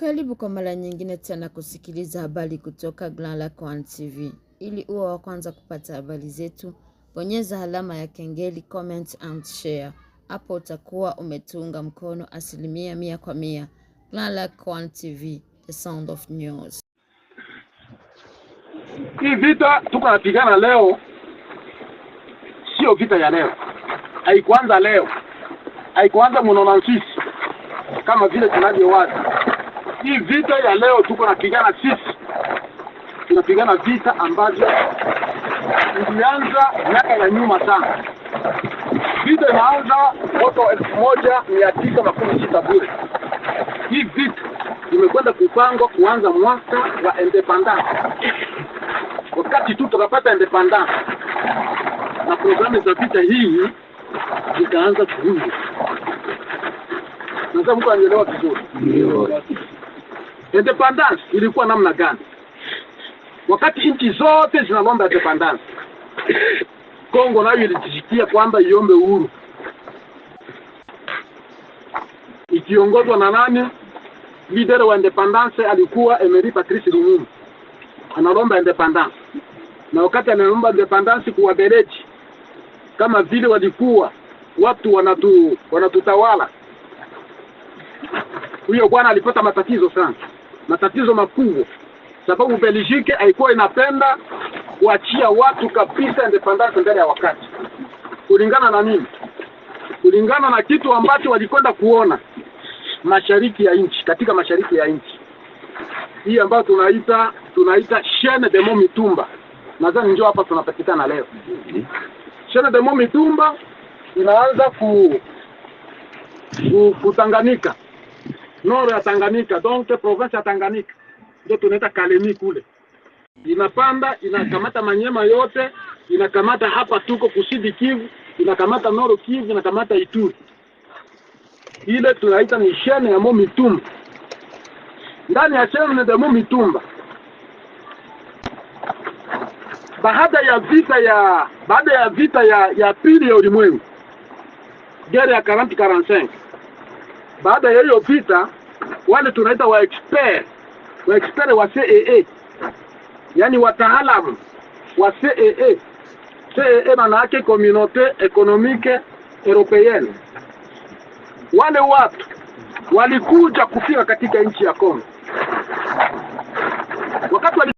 Karibu kwa mara nyingine tena kusikiliza habari kutoka Grand Lac One TV. Ili uwe wa kwanza kupata habari zetu, bonyeza alama ya kengeli, comment and share. Hapo utakuwa umetunga mkono asilimia mia kwa mia. Grand Lac One TV, the sound of news. Hii vita tuko napigana leo, sio vita ya leo, haikuanza leo, haikuanza mnaona sisi kama vile tunavyowaza hii vita ya leo tuko na pigana sisi, tunapigana vita ambavyo ilianza miaka ya nyuma sana. Vita inaanza moto elfu moja mia tisa makumi sita bure. Hii vita imekwenda kupangwa kuanza mwaka wa independence, wakati tu tukapata independence na programu za vita hii zikaanza kuundwa. naza mko anielewa vizuri. Independence ilikuwa namna gani? Wakati nchi zote zinalomba independence, Kongo nayo ilijisikia kwamba iombe uhuru ikiongozwa na nani? Lider wa independence alikuwa Emery Patrice Lumumba, analomba independence, na wakati analomba independence kuwabereji beleji kama vile walikuwa watu wanatu wanatutawala. Huyo bwana alipata matatizo sana matatizo makubwa, sababu Belgique haikuwa inapenda kuachia watu kabisa independence ndani ya wakati, kulingana na nini? Kulingana na kitu ambacho walikwenda kuona mashariki ya nchi, katika mashariki ya nchi hii ambayo tunaita tunaita chaine de mont mitumba, nadhani njoo hapa tunapatikana leo. Chaine de mont mitumba inaanza ku, ku, kutanganika nord ya Tanganyika, donc province ya Tanganyika ndio tunaita Kalemi kule, inapanda inakamata Manyema yote, inakamata hapa tuko kusidi Kivu, inakamata noro Kivu, inakamata Ituri. Ile tunaita ni shene ya mo mitumba. Ndani ya shene ya mo mitumba, baada ya vita ya baada ya vita ya, ya pili ya ulimwengu, gere ya 40 45 baada ya hiyo vita wale tunaita wa expert wa expert wa CAA, yani wataalamu wa CAA. CAA maana yake Communauté Économique Européenne. Wale watu walikuja kufika katika nchi ya Kongo wakati wali